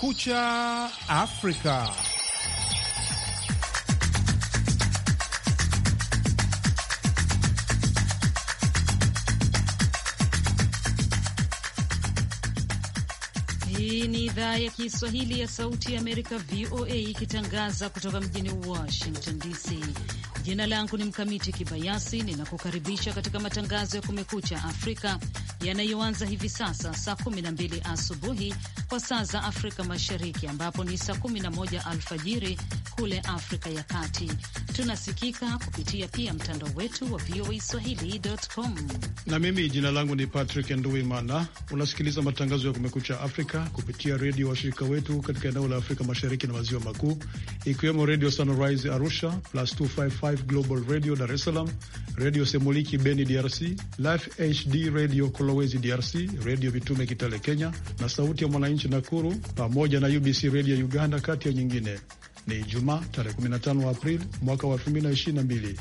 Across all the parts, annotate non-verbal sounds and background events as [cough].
Kumekucha Afrika. Hii ni idhaa ya Kiswahili ya Sauti ya Amerika, VOA, ikitangaza kutoka mjini Washington DC. Jina langu ni Mkamiti Kibayasi, ninakukaribisha katika matangazo ya Kumekucha Afrika yanayoanza hivi sasa saa 12 asubuhi kwa saa za Afrika Mashariki, ambapo ni saa 11 alfajiri kule Afrika ya Kati. Tunasikika kupitia pia mtandao wetu wa VOA Swahili.com. Na mimi jina langu ni Patrick Nduimana. Unasikiliza matangazo ya Kumekucha Afrika kupitia redio washirika wetu katika eneo la Afrika Mashariki na Maziwa Makuu, ikiwemo Redio Sunrise Arusha, Plus 255 Global Radio Dar es Salaam, Redio Semuliki Beni DRC, Life HD Radio Kolo Airways DRC, Redio Vitume Kitale Kenya, na Sauti ya Mwananchi Nakuru, pamoja na UBC Redio Uganda, kati ya nyingine. Ni Ijumaa tarehe 15 Aprili mwaka wa 2022.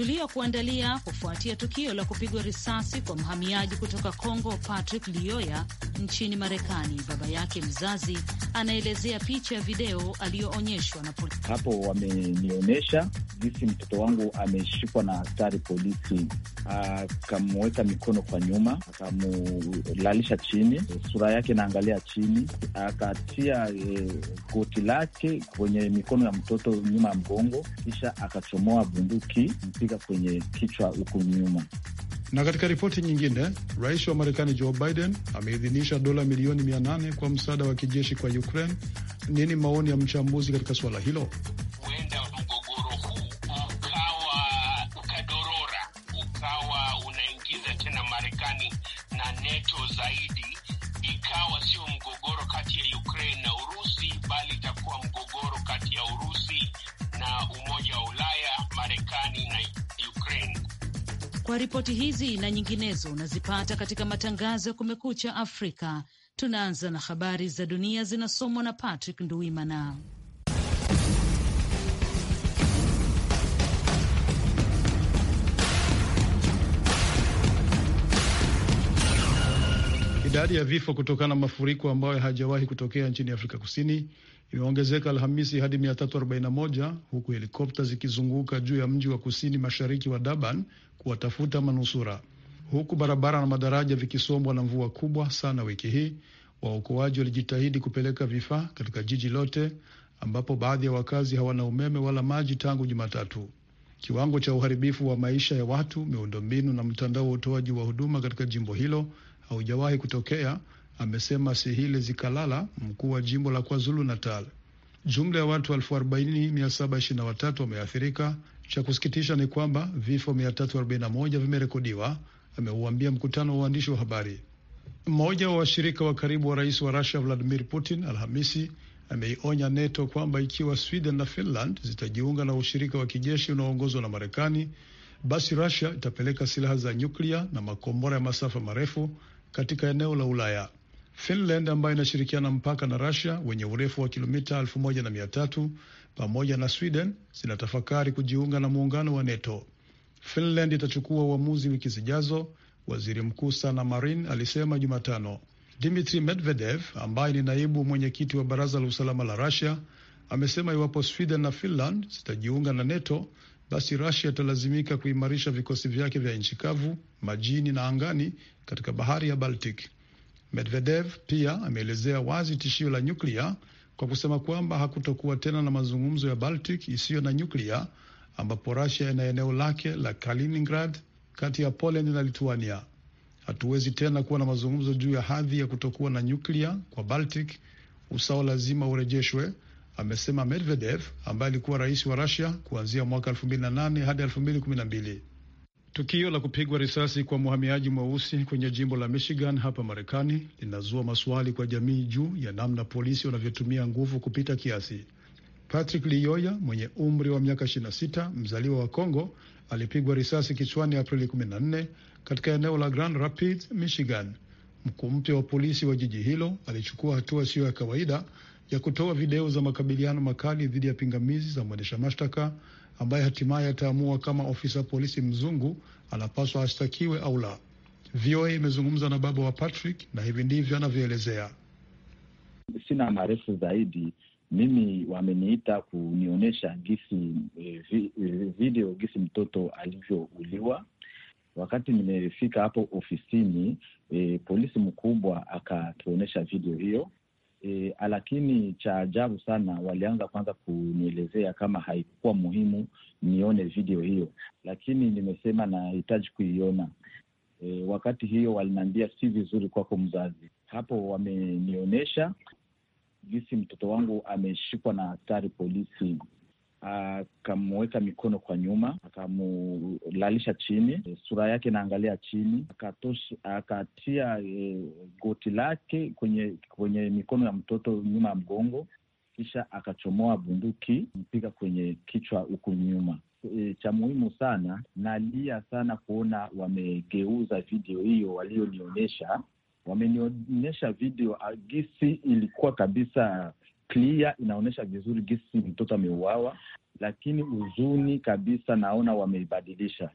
tuliyokuandalia kufuatia tukio la kupigwa risasi kwa mhamiaji kutoka Kongo Patrick Lioya nchini Marekani. Baba yake mzazi anaelezea picha ya video aliyoonyeshwa na polisi. Hapo wamenionyesha jinsi mtoto wangu ameshikwa na askari polisi, akamweka mikono kwa nyuma, akamulalisha chini, sura yake inaangalia chini, akatia e, lake kwenye mikono ya mtoto nyuma ya mgongo, kisha akachomoa bunduki kujifunga kwenye kichwa huku nyuma. Na katika ripoti nyingine, rais wa Marekani Joe Biden ameidhinisha dola milioni 8 kwa msaada wa kijeshi kwa Ukraine. Nini maoni ya mchambuzi katika suala hilo? Ripoti hizi na nyinginezo unazipata katika matangazo ya Kumekucha Afrika. Tunaanza na habari za dunia zinasomwa na Patrick Nduwimana. Idadi ya vifo kutokana na mafuriko ambayo hajawahi kutokea nchini Afrika Kusini imeongezeka Alhamisi hadi 341 huku helikopta zikizunguka juu ya mji wa kusini mashariki wa Durban kuwatafuta manusura, huku barabara na madaraja vikisombwa na mvua kubwa sana wiki hii. Waokoaji walijitahidi kupeleka vifaa katika jiji lote ambapo baadhi ya wakazi hawana umeme wala maji tangu Jumatatu. Kiwango cha uharibifu wa maisha ya watu, miundombinu na mtandao wa utoaji wa huduma katika jimbo hilo haujawahi kutokea, amesema Sihile Zikalala, mkuu wa jimbo la KwaZulu Natal. Jumla ya watu 4723 wameathirika cha kusikitisha ni kwamba vifo 341 vimerekodiwa, ameuambia mkutano wa waandishi wa habari. Mmoja wa washirika wa karibu wa rais wa Rusia Vladimir Putin Alhamisi ameionya NATO kwamba ikiwa Sweden na Finland zitajiunga na ushirika wa kijeshi unaoongozwa na Marekani, basi Rusia itapeleka silaha za nyuklia na makombora ya masafa marefu katika eneo la Ulaya. Finland ambayo inashirikiana mpaka na Russia wenye urefu wa kilomita tatu pamoja na Sweden zinatafakari kujiunga na muungano wa NATO. Finland itachukua uamuzi wiki zijazo, waziri mkuu Sanna Marin alisema Jumatano. Dmitri Medvedev ambaye ni naibu mwenyekiti wa baraza la usalama la Russia amesema iwapo Sweden na Finland zitajiunga na NATO, basi Russia italazimika kuimarisha vikosi vyake vya nchi kavu, majini na angani katika bahari ya Baltic. Medvedev pia ameelezea wazi tishio la nyuklia kwa kusema kwamba hakutokuwa tena na mazungumzo ya Baltic isiyo na nyuklia ambapo Russia ina eneo lake la Kaliningrad kati ya Poland na Lithuania. Hatuwezi tena kuwa na mazungumzo juu ya hadhi ya kutokuwa na nyuklia kwa Baltic. Usawa lazima urejeshwe, amesema Medvedev ambaye alikuwa rais wa Russia kuanzia mwaka 2008 hadi 2012. Tukio la kupigwa risasi kwa mhamiaji mweusi kwenye jimbo la Michigan hapa Marekani linazua maswali kwa jamii juu ya namna polisi wanavyotumia nguvu kupita kiasi. Patrick Liyoya mwenye umri wa miaka 26 mzaliwa wa congo alipigwa risasi kichwani Aprili 14 katika eneo la Grand Rapids, Michigan. Mkuu mpya wa polisi wa jiji hilo alichukua hatua siyo ya kawaida ya kutoa video za makabiliano makali dhidi ya pingamizi za mwendesha mashtaka ambaye hatimaye ataamua kama ofisa polisi mzungu anapaswa ashtakiwe au la. VOA imezungumza na baba wa Patrick na hivi ndivyo anavyoelezea. Sina marefu zaidi mimi, wameniita kunionyesha gisi eh, eh, video gisi mtoto alivyouliwa. Wakati nimefika hapo ofisini, e, polisi mkubwa akatuonyesha video hiyo e, lakini cha ajabu sana, walianza kwanza kunielezea kama haikuwa muhimu nione video hiyo, lakini nimesema nahitaji kuiona. E, wakati hiyo waliniambia si vizuri kwako mzazi. Hapo wamenionyesha jinsi mtoto wangu ameshikwa na askari polisi akamuweka mikono kwa nyuma, akamulalisha chini, sura yake inaangalia chini, akatia e, goti lake kwenye kwenye mikono ya mtoto nyuma ya mgongo, kisha akachomoa bunduki mpiga kwenye kichwa huku nyuma. E, cha muhimu sana, nalia sana kuona wamegeuza video hiyo walionionyesha, wamenionyesha video agisi ah, ilikuwa kabisa clear, inaonyesha vizuri gisi mtoto ameuawa, lakini huzuni kabisa, naona wameibadilisha,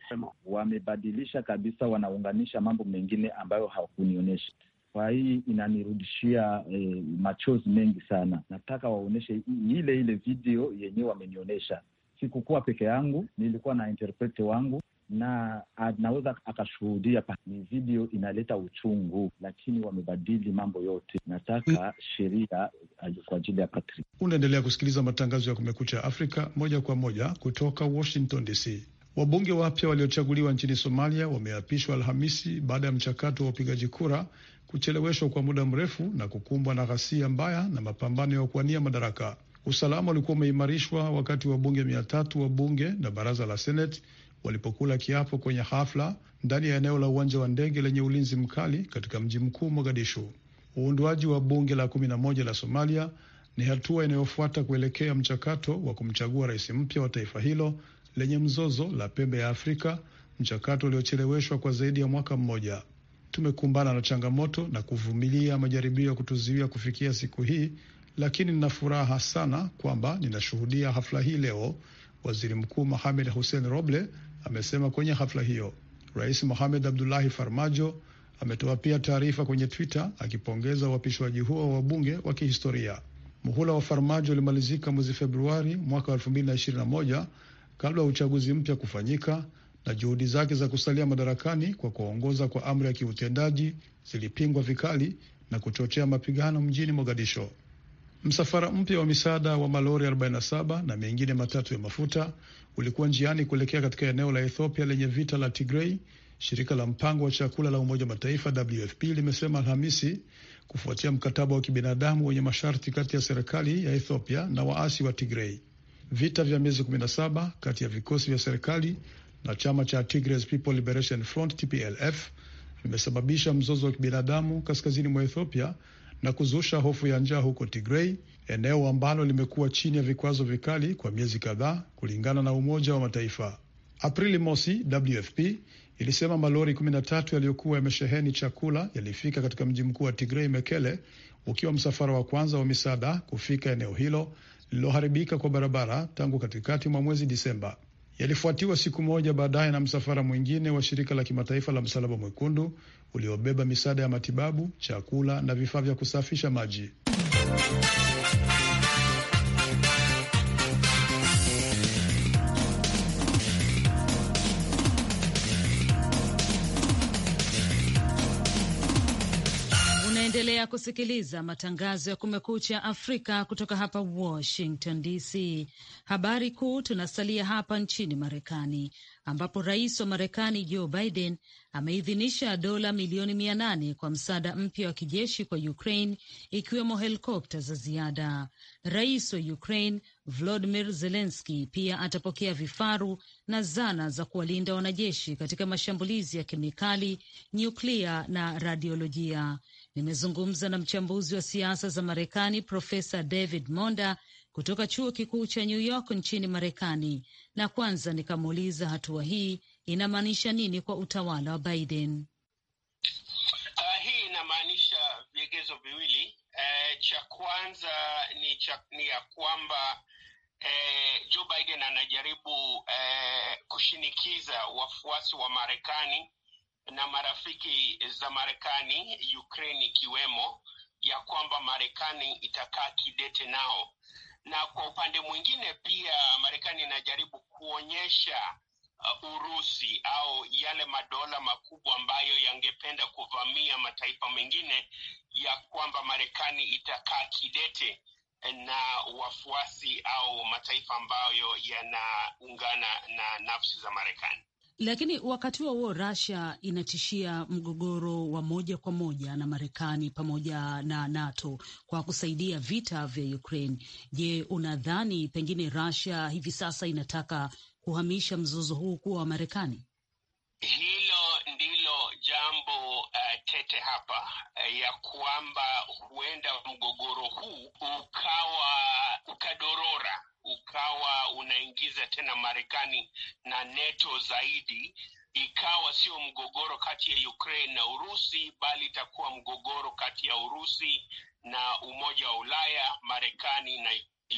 wamebadilisha kabisa, wanaunganisha mambo mengine ambayo hakunionyesha kwa hii inanirudishia eh, machozi mengi sana. Nataka waonyeshe ile ile video yenyewe wamenionyesha. Sikukuwa peke yangu, nilikuwa na interprete wangu na anaweza akashuhudia. Ni video inaleta uchungu, lakini wamebadili mambo yote. Nataka mm. sheria uh, kwa ajili ya Patrick. Unaendelea kusikiliza matangazo ya Kumekucha Afrika moja kwa moja kutoka Washington DC. Wabunge wapya waliochaguliwa nchini Somalia wameapishwa Alhamisi baada ya mchakato wa upigaji kura kucheleweshwa kwa muda mrefu na kukumbwa na ghasia mbaya na mapambano ya kuwania madaraka. Usalama ulikuwa umeimarishwa wakati wabunge mia tatu wa bunge na baraza la Seneti walipokula kiapo kwenye hafla ndani ya eneo la uwanja wa ndege lenye ulinzi mkali katika mji mkuu Mogadishu. Uundwaji wa bunge la kumi na moja la Somalia ni hatua inayofuata kuelekea mchakato wa kumchagua rais mpya wa taifa hilo lenye mzozo la pembe ya Afrika, mchakato uliocheleweshwa kwa zaidi ya mwaka mmoja. Tumekumbana na changamoto na kuvumilia majaribio ya kutuzuia kufikia siku hii, lakini nina furaha sana kwamba ninashuhudia hafla hii leo, waziri mkuu Mohamed Hussein Roble amesema kwenye hafla hiyo. Rais Mohamed Abdullahi Farmajo ametoa pia taarifa kwenye Twitter akipongeza uapishwaji huo wa wabunge wa kihistoria. Muhula wa Farmajo ulimalizika mwezi Februari mwaka 2021 kabla ya uchaguzi mpya kufanyika, na juhudi zake za kusalia madarakani kwa kuongoza kwa amri ya kiutendaji zilipingwa vikali na kuchochea mapigano mjini Mogadisho. Msafara mpya wa misaada wa malori 47 na mengine matatu ya mafuta ulikuwa njiani kuelekea katika eneo la Ethiopia lenye vita la Tigrei, shirika la mpango wa chakula la Umoja wa Mataifa WFP limesema Alhamisi, kufuatia mkataba wa kibinadamu wenye masharti kati ya serikali ya Ethiopia na waasi wa Tigrei. Vita vya miezi 17 kati ya vikosi vya serikali na chama cha Tigray People Liberation Front TPLF vimesababisha mzozo wa kibinadamu kaskazini mwa Ethiopia na kuzusha hofu ya njaa huko Tigrei, eneo ambalo limekuwa chini ya vikwazo vikali kwa miezi kadhaa, kulingana na Umoja wa Mataifa. Aprili mosi, WFP ilisema malori 13 yaliyokuwa yamesheheni chakula yalifika katika mji mkuu wa Tigrei, Mekele, ukiwa msafara wa kwanza wa misaada kufika eneo hilo lililoharibika kwa barabara tangu katikati mwa mwezi Disemba yalifuatiwa siku moja baadaye na msafara mwingine wa shirika la kimataifa la Msalaba Mwekundu uliobeba misaada ya matibabu, chakula na vifaa vya kusafisha maji. Unaendelea kusikiliza matangazo ya Kumekucha Afrika kutoka hapa Washington DC. Habari kuu, tunasalia hapa nchini Marekani ambapo rais wa Marekani Joe Biden ameidhinisha dola milioni mia nane kwa msaada mpya wa kijeshi kwa Ukraine, ikiwemo helikopta za ziada. Rais wa Ukraine Volodymyr Zelensky pia atapokea vifaru na zana za kuwalinda wanajeshi katika mashambulizi ya kemikali, nyuklia na radiolojia. Nimezungumza na mchambuzi wa siasa za Marekani Profesa David Monda kutoka chuo kikuu cha New York nchini Marekani, na kwanza nikamuuliza hatua hii inamaanisha nini kwa utawala wa Biden. Uh, hii inamaanisha vigezo viwili. Uh, cha kwanza ni, cha, ni ya kwamba uh, Joe Biden anajaribu uh, kushinikiza wafuasi wa Marekani na marafiki za Marekani, Ukraine ikiwemo, ya kwamba Marekani itakaa kidete nao, na kwa upande mwingine pia Marekani inajaribu kuonyesha uh, Urusi au yale madola makubwa ambayo yangependa kuvamia mataifa mengine ya kwamba Marekani itakaa kidete eh, na wafuasi au mataifa ambayo yanaungana na nafsi za Marekani. Lakini wakati huo huo Russia inatishia mgogoro wa moja kwa moja na Marekani pamoja na NATO kwa kusaidia vita vya Ukraine. Je, unadhani pengine Russia hivi sasa inataka kuhamisha mzozo huu kuwa wa Marekani? Hilo ndilo jambo uh, tete hapa uh, ya kwamba huenda mgogoro huu ukawa ukadorora ukawa unaingiza tena Marekani na NATO zaidi, ikawa sio mgogoro kati ya Ukraine na Urusi, bali itakuwa mgogoro kati ya Urusi na Umoja wa Ulaya, Marekani na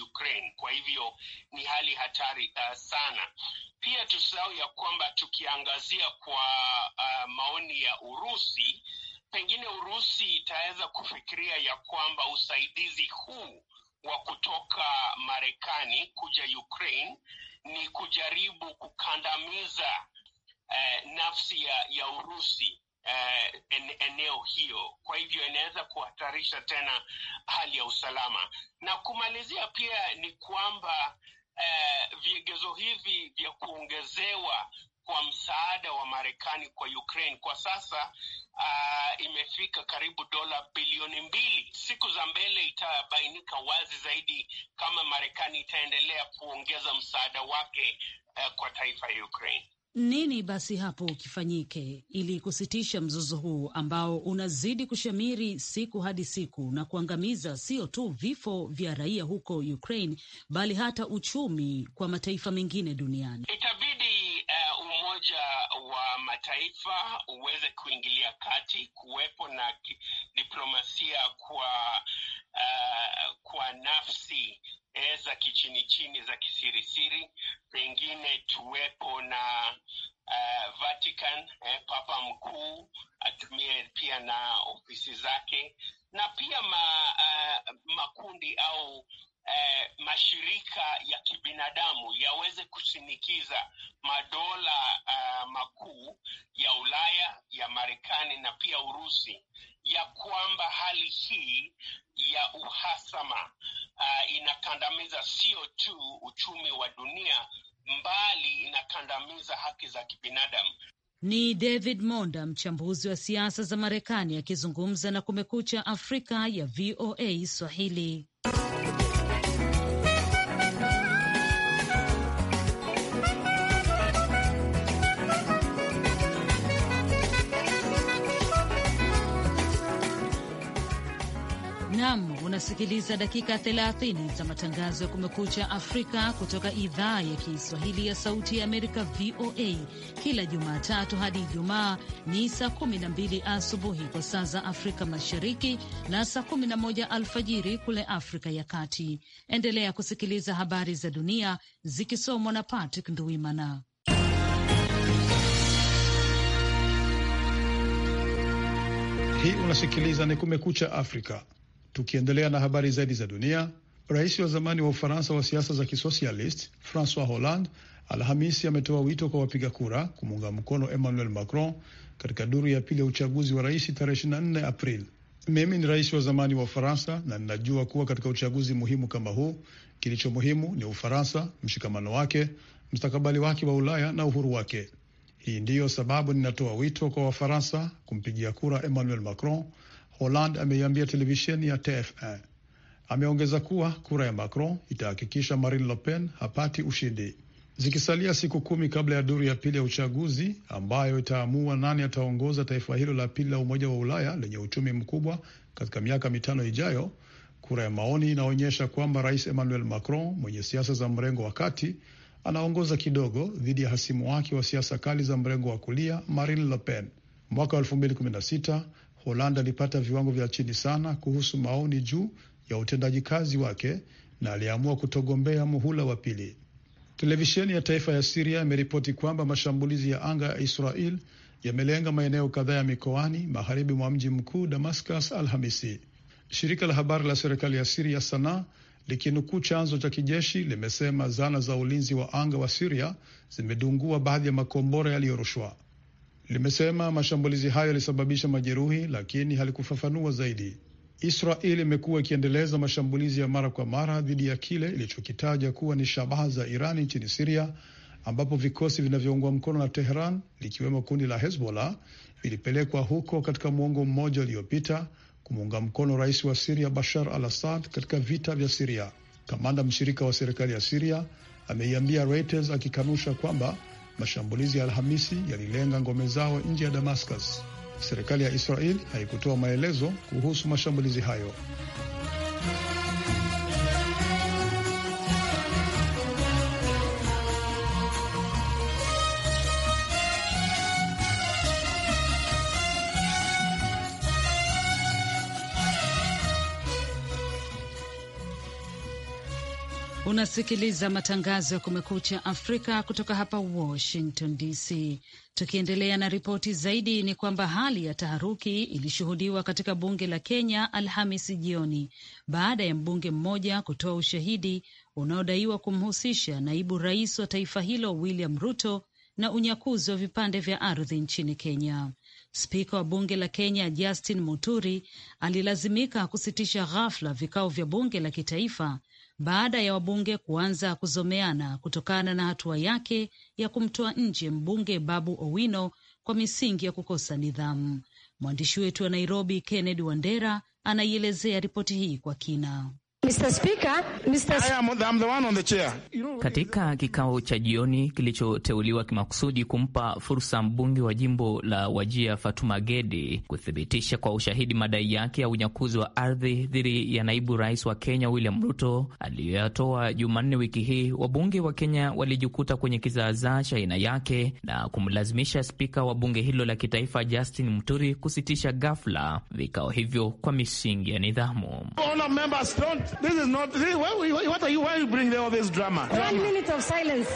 Ukraine. Kwa hivyo ni hali hatari uh, sana. Pia tusahau ya kwamba tukiangazia kwa uh, maoni ya Urusi, pengine Urusi itaweza kufikiria ya kwamba usaidizi huu wa kutoka Marekani kuja Ukraine ni kujaribu kukandamiza eh, nafsi ya, ya Urusi eh, en, eneo hiyo. Kwa hivyo inaweza kuhatarisha tena hali ya usalama. Na kumalizia pia ni kwamba eh, vigezo hivi vya kuongezewa kwa msaada wa Marekani kwa Ukraine kwa sasa uh, imefika karibu dola bilioni mbili. Siku za mbele itabainika wazi zaidi kama Marekani itaendelea kuongeza msaada wake uh, kwa taifa ya Ukraine. Nini basi hapo kifanyike ili kusitisha mzozo huu ambao unazidi kushamiri siku hadi siku na kuangamiza sio tu vifo vya raia huko Ukraine bali hata uchumi kwa mataifa mengine duniani? Itabidi kimataifa uweze kuingilia kati, kuwepo na diplomasia kwa uh, kwa nafsi eh, za kichini chini za kisirisiri, pengine tuwepo na uh, Vatican eh, papa mkuu atumie pia na ofisi zake na pia ma, uh, makundi au eh, mashirika ya kibinadamu yaweze kushinikiza madola uh, makuu ya Ulaya, ya Marekani na pia Urusi ya kwamba hali hii ya uhasama uh, inakandamiza sio tu uchumi wa dunia mbali inakandamiza haki za kibinadamu. Ni David Monda, mchambuzi wa siasa za Marekani, akizungumza na Kumekucha Afrika ya VOA Swahili. Salaam. Unasikiliza dakika 30 za matangazo ya Kumekucha Afrika kutoka idhaa ya Kiswahili ya Sauti ya Amerika, VOA. Kila Jumatatu hadi Ijumaa ni saa 12 asubuhi kwa saa za Afrika Mashariki na saa 11 alfajiri kule Afrika ya Kati. Endelea kusikiliza habari za dunia zikisomwa na Patrick Nduimana. Hii unasikiliza ni Kumekucha Afrika. Tukiendelea na habari zaidi za dunia, rais wa zamani wa Ufaransa wa siasa za kisosialist Francois Hollande Alhamisi ametoa wito kwa wapiga kura kumuunga mkono Emmanuel Macron katika duru ya pili ya uchaguzi wa rais tarehe 24 april Mimi ni rais wa zamani wa Ufaransa na ninajua kuwa katika uchaguzi muhimu kama huu, kilicho muhimu ni Ufaransa, mshikamano wake, mstakabali wake wa Ulaya na uhuru wake. Hii ndiyo sababu ninatoa wito kwa Wafaransa kumpigia kura Emmanuel Macron Holland ameiambia televisheni ya TF1. Ameongeza kuwa kura ya Macron itahakikisha Marine Le Pen hapati ushindi. Zikisalia siku kumi kabla ya duru ya pili ya uchaguzi ambayo itaamua nani ataongoza taifa hilo la pili la Umoja wa Ulaya lenye uchumi mkubwa katika miaka mitano ijayo, kura ya maoni inaonyesha kwamba Rais Emmanuel Macron mwenye siasa za mrengo wa kati anaongoza kidogo dhidi ya hasimu wake wa siasa kali za mrengo wa kulia Marine Le Pen. Mwaka 2016 Holanda alipata viwango vya chini sana kuhusu maoni juu ya utendaji kazi wake na aliamua kutogombea muhula wa pili. Televisheni ya taifa ya Siria imeripoti kwamba mashambulizi ya anga ya Israel yamelenga maeneo kadhaa ya mikoani magharibi mwa mji mkuu Damascus Alhamisi. Shirika la habari la serikali ya Siria Sanaa likinukuu chanzo cha kijeshi limesema zana za ulinzi wa anga wa Siria zimedungua baadhi ya makombora yaliyorushwa limesema mashambulizi hayo yalisababisha majeruhi, lakini halikufafanua zaidi. Israel imekuwa ikiendeleza mashambulizi ya mara kwa mara dhidi ya kile ilichokitaja kuwa ni shabaha za Irani nchini Siria, ambapo vikosi vinavyoungwa mkono na Teheran likiwemo kundi la Hezbollah vilipelekwa huko katika mwongo mmoja uliopita kumuunga mkono rais wa Siria Bashar al Assad katika vita vya Siria. Kamanda mshirika wa serikali ya Siria ameiambia Reuters akikanusha kwamba Mashambulizi ya Alhamisi yalilenga ngome zao nje ya Damascus. Serikali ya Israel haikutoa maelezo kuhusu mashambulizi hayo. Unasikiliza matangazo ya Kumekucha Afrika kutoka hapa Washington DC. Tukiendelea na ripoti zaidi, ni kwamba hali ya taharuki ilishuhudiwa katika bunge la Kenya Alhamisi jioni baada ya mbunge mmoja kutoa ushahidi unaodaiwa kumhusisha naibu rais wa taifa hilo William Ruto na unyakuzi wa vipande vya ardhi nchini Kenya. Spika wa bunge la Kenya Justin Muturi alilazimika kusitisha ghafla vikao vya bunge la kitaifa baada ya wabunge kuanza kuzomeana kutokana na hatua yake ya kumtoa nje mbunge Babu Owino kwa misingi ya kukosa nidhamu. Mwandishi wetu wa Nairobi Kennedy Wandera anaielezea ripoti hii kwa kina. Katika kikao cha jioni kilichoteuliwa kimakusudi kumpa fursa mbunge wa jimbo la Wajia Fatuma Gedi kuthibitisha kwa ushahidi madai yake ya unyakuzi wa ardhi dhidi ya naibu rais wa Kenya William Ruto aliyoyatoa Jumanne wiki hii, wabunge wa Kenya walijikuta kwenye kizaazaa cha aina yake na kumlazimisha spika wa bunge hilo la kitaifa Justin Muturi kusitisha ghafla vikao hivyo kwa misingi ya nidhamu. This is not. This, why, what are you? Why you bring all this drama? One minute of silence.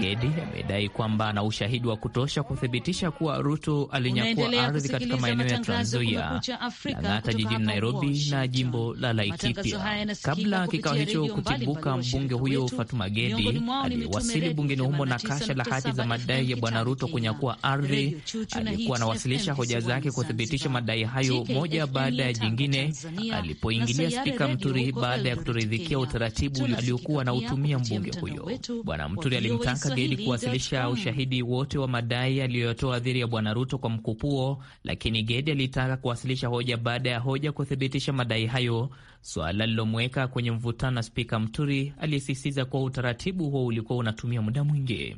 Gedi amedai kwamba ana ushahidi wa kutosha kuthibitisha kuwa Ruto alinyakua ardhi katika maeneo ya Trans Nzoia, Lang'ata jijini Nairobi na jimbo la Laikipia. Kabla kikao hicho kutibuka, mbunge huyo Fatuma Gedi aliyewasili bungeni humo na kasha la hati za madai ya bwana Ruto kunyakua ardhi aliyekuwa anawasilisha hoja zake kuthibitisha madai hayo moja baada ya jingine, alipoingilia Spika Mturi baada ya kutoridhikia utaratibu aliokuwa anautumia mbunge huyo. Bwana Mturi alimtaka Gedi kuwasilisha ushahidi wote wa madai aliyoyatoa dhidi ya Bwana Ruto kwa mkupuo, lakini Gedi alitaka kuwasilisha hoja baada ya hoja kuthibitisha madai hayo, suala lilomweka kwenye mvutano na Spika Mturi aliyesisitiza kuwa utaratibu huo ulikuwa unatumia muda mwingi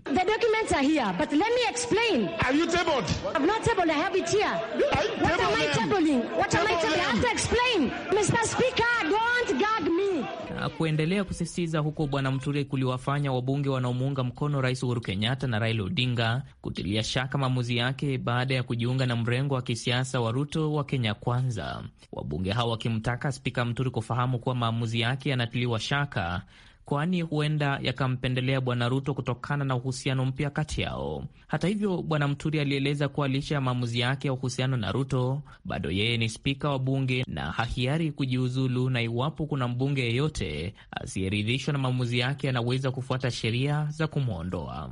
kuendelea kusisitiza huko Bwana Mture kuliwafanya wabunge wanaomuunga mkono Rais Uhuru Kenyatta na Raila Odinga kutilia shaka maamuzi yake baada ya kujiunga na mrengo wa kisiasa wa Ruto wa Kenya Kwanza, wabunge hao wakimtaka Spika Mture kufahamu kuwa maamuzi yake yanatiliwa shaka kwani huenda yakampendelea Bwana Ruto kutokana na uhusiano mpya kati yao. Hata hivyo, Bwana Mturi alieleza kuwa licha ya maamuzi yake ya uhusiano na Ruto, bado yeye ni spika wa bunge na hahiari kujiuzulu, na iwapo kuna mbunge yeyote asiyeridhishwa na maamuzi yake anaweza kufuata sheria za kumwondoa.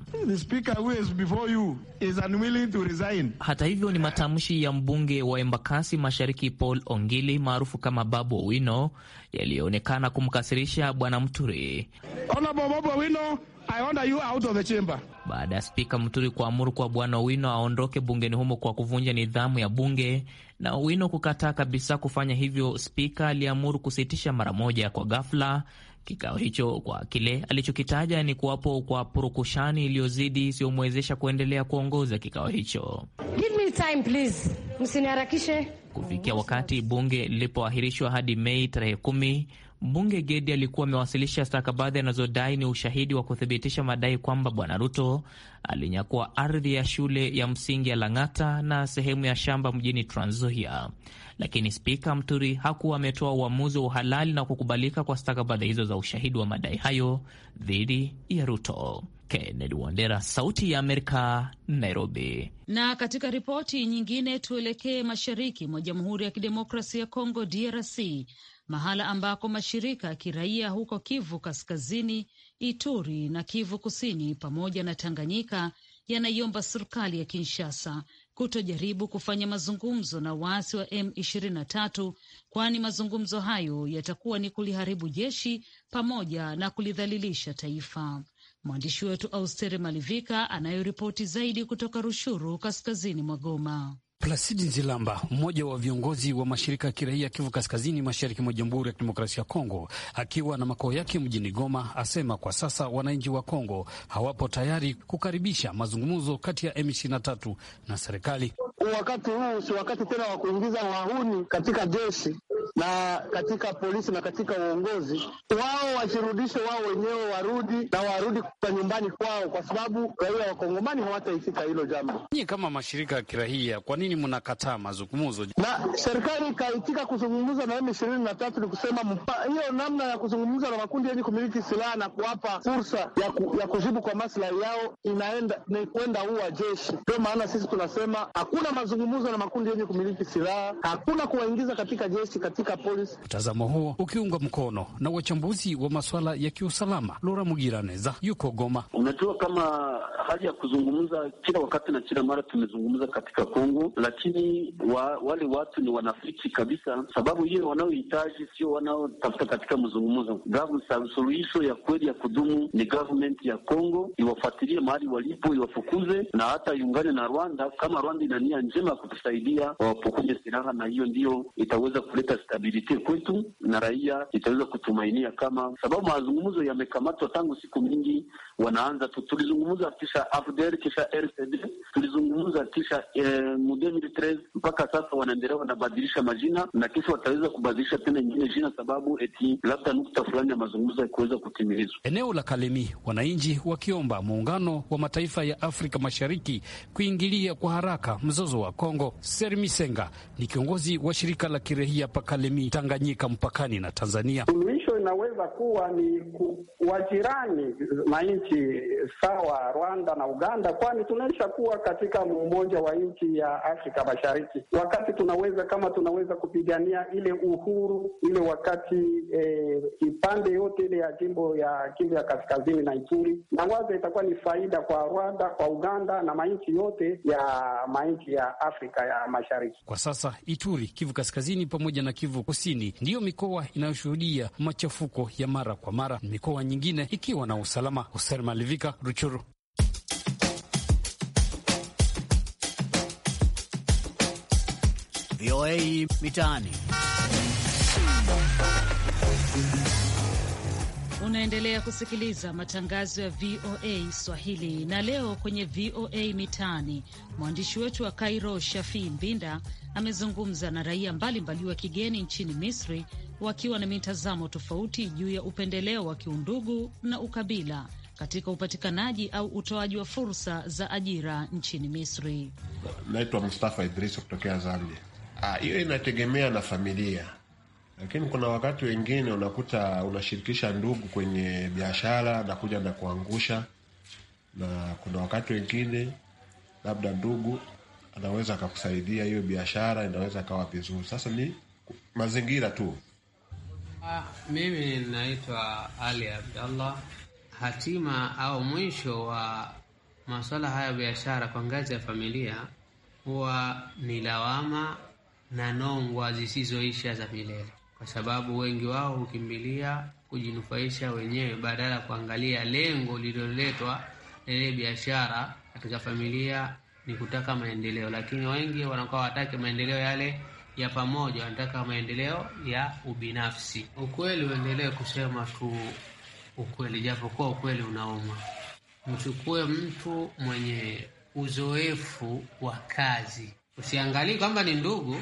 Hata hivyo, ni matamshi ya mbunge wa Embakasi Mashariki Paul Ongili maarufu kama Babu Owino yaliyoonekana kumkasirisha Bwana Mturi. Baada ya spika Mturi kuamuru kwa Bwana Owino aondoke bungeni humo kwa kuvunja nidhamu ya bunge na Owino kukataa kabisa kufanya hivyo, spika aliamuru kusitisha mara moja kwa ghafla Kikao hicho kwa kile alichokitaja ni kuwapo kwa purukushani iliyozidi isiyomwezesha kuendelea kuongoza kikao hicho. Give me time please, msiniharakishe kufikia wakati bunge lilipoahirishwa hadi Mei tarehe kumi. Mbunge Gedi alikuwa amewasilisha stakabadhi anazodai ni ushahidi wa kuthibitisha madai kwamba Bwana Ruto alinyakua ardhi ya shule ya msingi ya Lang'ata na sehemu ya shamba mjini Trans Nzoia, lakini Spika Mturi hakuwa ametoa uamuzi wa uhalali na kukubalika kwa stakabadhi hizo za ushahidi wa madai hayo dhidi ya Ruto. Kennedy Wandera, Sauti ya Amerika, Nairobi. Na katika ripoti nyingine, tuelekee mashariki mwa Jamhuri ya Kidemokrasia ya Kongo, DRC, mahala ambako mashirika ya kiraia huko Kivu Kaskazini, Ituri na Kivu Kusini pamoja na Tanganyika yanaiomba serikali ya Kinshasa kutojaribu kufanya mazungumzo na waasi wa M23 kwani mazungumzo hayo yatakuwa ni kuliharibu jeshi pamoja na kulidhalilisha taifa. Mwandishi wetu Austeri Malivika anayoripoti zaidi kutoka Rushuru, kaskazini mwa Goma. Plasidi Nzilamba, mmoja wa viongozi wa mashirika ya kiraia Kivu Kaskazini, mashariki mwa Jamhuri ya Kidemokrasia ya Kongo, akiwa na makao yake mjini Goma, asema kwa sasa wananchi wa Kongo hawapo tayari kukaribisha mazungumzo kati ya M23 na serikali. Wakati huu si wakati tena wa kuingiza wahuni katika jeshi, na katika polisi na katika uongozi wao, wajirudishe wao wenyewe, warudi na warudi kwa nyumbani kwao, kwa sababu raia wakongomani hawataifika hilo jambo. Nyinyi kama mashirika ya kirahia, kwa nini mnakataa mazungumzo? Na serikali ikaitika kuzungumza na M ishirini na tatu, ni kusema hiyo namna ya kuzungumza na makundi yenye kumiliki silaha na kuwapa fursa ya, ku, ya kujibu kwa maslahi yao inaenda ni kwenda uwa jeshi. Ndio maana sisi tunasema hakuna mazungumzo na makundi yenye kumiliki silaha, hakuna kuwaingiza katika jeshi katika katika polisi. Mtazamo huo ukiungwa mkono na wachambuzi wa masuala ya kiusalama. Lora Mugiraneza yuko Goma. Unajua kama hali ya kuzungumza kila wakati na kila mara tumezungumza katika Kongo, lakini wa, wale watu ni wanafiki kabisa, sababu hiyo wanaohitaji sio wanaotafuta katika mazungumzo. Suluhisho ya kweli ya kudumu ni government ya Kongo iwafuatilie mahali walipo, iwafukuze na hata iungane na Rwanda kama Rwanda ina nia njema ya kutusaidia wawapokunye silaha, na hiyo ndiyo itaweza kuleta stabilite kwetu na raia itaweza kutumainia, kama sababu mazungumzo yamekamatwa tangu siku mingi. Wanaanza tu, tulizungumza kisha AFDR kisha RCD, tulizungumza kisha e, mu 2013 mpaka sasa wanaendelea wanabadilisha majina, na kisha wataweza kubadilisha tena ingine jina, sababu eti labda nukta fulani ya mazungumzo yakuweza kutimilizwa. Eneo la Kalemi, wananchi wakiomba muungano wa mataifa ya Afrika Mashariki kuingilia kwa haraka mzozo wa Kongo. misenga ni kiongozi wa shirika la kirehia paka kutoka Lemi, Tanganyika, mpakani na Tanzania. Suluhisho inaweza kuwa ni wajirani na nchi sawa, Rwanda na Uganda, kwani tunaisha kuwa katika umoja wa nchi ya Afrika Mashariki, wakati tunaweza kama tunaweza kupigania ile uhuru ile wakati eh, yote ile ya jimbo ya Kivu ya kaskazini na Ituri, na waza itakuwa ni faida kwa Rwanda, kwa Uganda na manchi yote ya manchi ya Afrika ya Mashariki. Kwa sasa Ituri, Kivu kaskazini pamoja na Kivu Kivu Kusini ndiyo mikoa inayoshuhudia machafuko ya mara kwa mara, mikoa nyingine ikiwa na usalama. Hussein Malivika, Ruchuru. VOA Mitaani. Unaendelea kusikiliza matangazo ya VOA Swahili na leo kwenye VOA Mitaani, mwandishi wetu wa Kairo, Shafii Mbinda, amezungumza na raia mbalimbali wa kigeni nchini Misri wakiwa na mitazamo tofauti juu ya upendeleo wa kiundugu na ukabila katika upatikanaji au utoaji wa fursa za ajira nchini Misri. Naitwa Mustafa Idrisi kutokea Zambia. Ah, hiyo inategemea na familia lakini kuna wakati wengine unakuta unashirikisha ndugu kwenye biashara na kuja na kuangusha, na kuna wakati wengine labda ndugu anaweza akakusaidia, hiyo biashara inaweza akawa vizuri. Sasa ni mazingira tu. Ah, mimi naitwa Ali Abdallah. Hatima au mwisho wa masuala haya ya biashara kwa ngazi ya familia huwa ni lawama na nongwa zisizoisha za milele kwa sababu wengi wao hukimbilia kujinufaisha wenyewe badala ya kuangalia lengo lililoletwa na ile biashara katika familia ni kutaka maendeleo, lakini wengi wanakuwa watake maendeleo yale ya pamoja, wanataka maendeleo ya ubinafsi. Ukweli uendelee kusema tu ukweli, japokuwa ukweli unauma. Mchukue mtu mwenye uzoefu wa kazi, usiangalie kwamba ni ndugu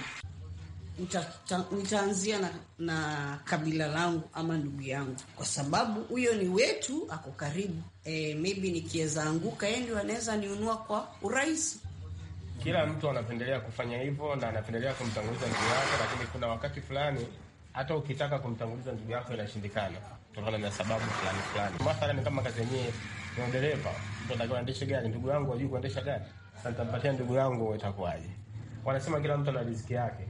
nitaanzia na, na kabila langu ama ndugu yangu, kwa sababu huyo ni wetu, ako karibu e, maybe nikiweza anguka yeye ndio anaweza niunua kwa urahisi. Kila mtu anapendelea kufanya hivyo na anapendelea kumtanguliza ndugu yake, lakini kuna wakati fulani hata ukitaka kumtanguliza ndugu yako inashindikana kutokana na sababu fulani fulani. Mathalan kama kazi yenyewe ni udereva, mtu anataka kuendesha gari, ndugu yangu hajui kuendesha gari, sasa nitampatia ndugu yangu, itakuwaje? Wanasema kila mtu ana riziki yake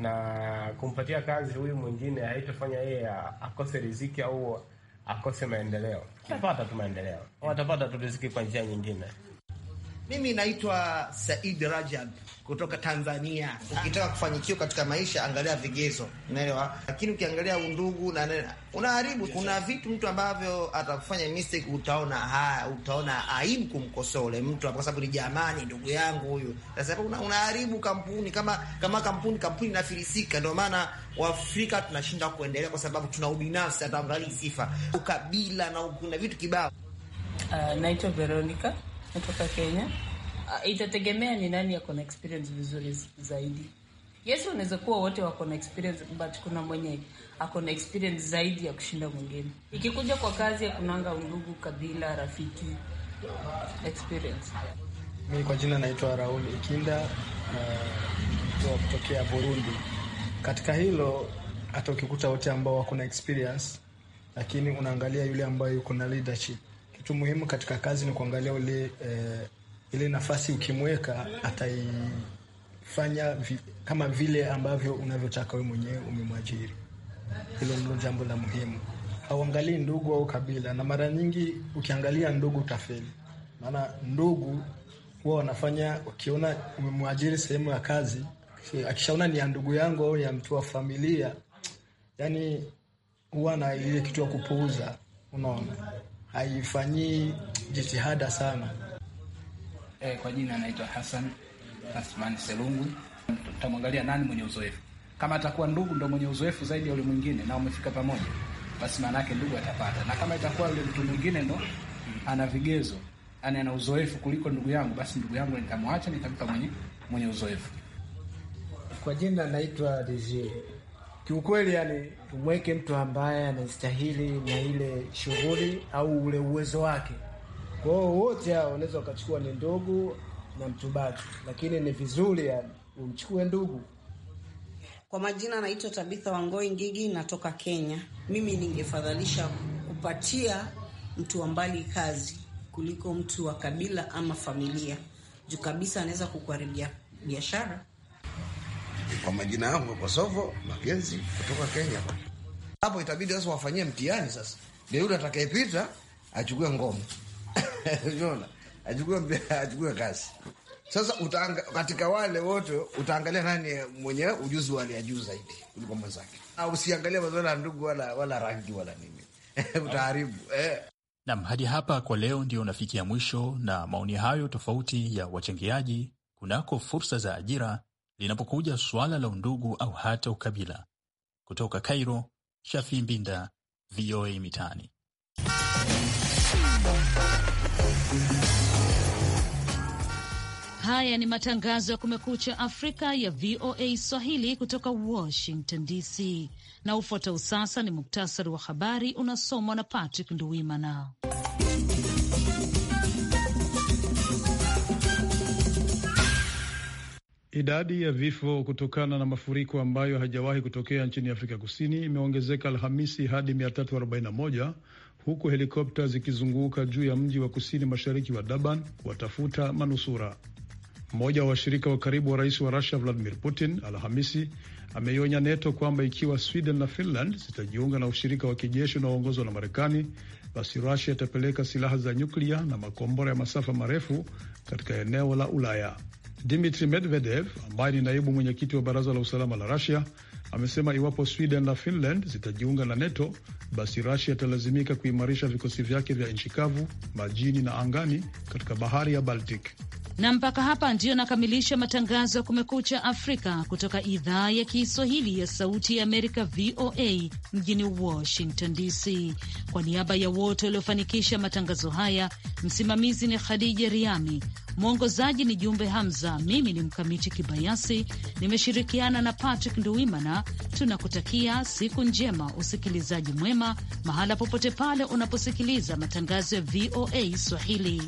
na kumpatia kazi huyu mwingine haitofanya yeye akose riziki au akose maendeleo. Atapata tu maendeleo, watapata tu riziki kwa njia nyingine. Mimi naitwa Said Rajab kutoka Tanzania. Ukitaka kufanyikiwa katika maisha, angalia vigezo, unaelewa. Lakini ukiangalia undugu na nena, unaharibu. Kuna vitu mtu ambavyo atakufanya mistake, utaona haya, utaona aibu kumkosoa ule mtu kwa sababu ni jamani, ndugu yangu huyu. Sasa una, unaharibu kampuni kama kama kampuni kampuni inafilisika. Ndio maana Waafrika tunashinda kuendelea kwa sababu tuna ubinafsi, hataangalii sifa, ukabila na kuna vitu kibao. Uh, naitwa Veronica natoka Kenya. Uh, itategemea ni nani ako na experience vizuri zaidi. Yes, unaweza kuwa wote wako na experience but kuna mwenye ako na experience zaidi ya kushinda mwingine. Ikikuja kwa kazi ya kunanga undugu, kabila, rafiki, experience. Mimi kwa jina naitwa Raul Ikinda na eh, kutokea Burundi. Katika hilo hata ukikuta wote ambao wako na experience, lakini unaangalia yule ambaye yuko na leadership kitu muhimu katika kazi ni kuangalia ule eh, ile nafasi ukimweka ataifanya vi, kama vile ambavyo unavyotaka wewe mwenyewe umemwajiri. Hilo ndilo jambo la muhimu. Hauangalii ndugu au kabila, na mara nyingi ukiangalia ndugu utafeli, maana ndugu huwa wanafanya, ukiona umemwajiri sehemu ya kazi, akishaona ni ya ndugu yangu au ya mtu wa familia, yani huwa na ile kitu ya kupuuza, unaona haifanyii jitihada sana. E, kwa jina anaitwa Hassan Asmani Selungu. Tutamwangalia nani mwenye uzoefu. Kama atakuwa ndugu ndo mwenye uzoefu zaidi ya yule mwingine na umefika pamoja, basi maana ndugu atapata, na kama itakuwa yule mtu mwingine ndo ana vigezo, yani ana uzoefu kuliko ndugu yangu, basi ndugu yangu nitamwacha, nitampa mwenye mwenye uzoefu. Kwa jina naitwa Dizie kiukweli, yani tumweke mtu ambaye anastahili na ile shughuli au ule uwezo wake. Kwa hiyo wote hao unaweza ukachukua ni ndugu na mtubatu, lakini ni vizuri yani umchukue ndugu. Kwa majina naitwa Tabitha Wangoi Ngigi, natoka Kenya. Mimi ningefadhalisha kupatia mtu wa mbali kazi kuliko mtu wa kabila ama familia, juu kabisa anaweza kukuharibia biashara kwa majina yangu Kosovo Magenzi kutoka Kenya. Hapo itabidi sasa wafanyie mtihani sasa, ndio yule atakayepita achukue ngome [coughs] unaona, achukue achukue kazi. Sasa utaanga, katika wale wote utaangalia nani mwenye ujuzi wale juu zaidi kuliko mwenzake, au usiangalie mazoea ya ndugu wala wala rangi wala nini [laughs] utaharibu eh. Nam, hadi hapa kwa leo ndio unafikia mwisho na maoni hayo tofauti ya wachangiaji kunako fursa za ajira linapokuja suala la undugu au hata ukabila. Kutoka Cairo, Shafi Mbinda, VOA Mitaani. Haya ni matangazo ya Kumekucha Afrika ya VOA Swahili kutoka Washington DC, na ufuatao sasa ni muktasari wa habari unasomwa na Patrick Nduwimana. Idadi ya vifo kutokana na mafuriko ambayo hajawahi kutokea nchini Afrika Kusini imeongezeka Alhamisi hadi 341 huku helikopta zikizunguka juu ya mji wa kusini mashariki wa Durban kuwatafuta manusura. Mmoja wa washirika wa karibu wa rais wa Rusia Vladimir Putin Alhamisi ameionya NATO kwamba ikiwa Sweden na Finland zitajiunga na ushirika wa kijeshi unaoongozwa na Marekani, basi Rusia itapeleka silaha za nyuklia na makombora ya masafa marefu katika eneo la Ulaya. Dmitri Medvedev ambaye ni naibu mwenyekiti wa baraza la usalama la Rusia Amesema iwapo Sweden na Finland zitajiunga na NATO, basi rusia italazimika kuimarisha vikosi vyake vya nchi kavu, majini na angani katika bahari ya Baltic. Na mpaka hapa ndiyo nakamilisha matangazo ya Kumekucha Afrika kutoka idhaa ya Kiswahili ya Sauti ya Amerika, VOA mjini Washington DC. Kwa niaba ya wote waliofanikisha matangazo haya, msimamizi ni Khadija Riami, mwongozaji ni Jumbe Hamza, mimi ni Mkamiti Kibayasi, nimeshirikiana na Patrick Nduwimana tunakutakia siku njema, usikilizaji mwema, mahala popote pale unaposikiliza matangazo ya VOA Swahili.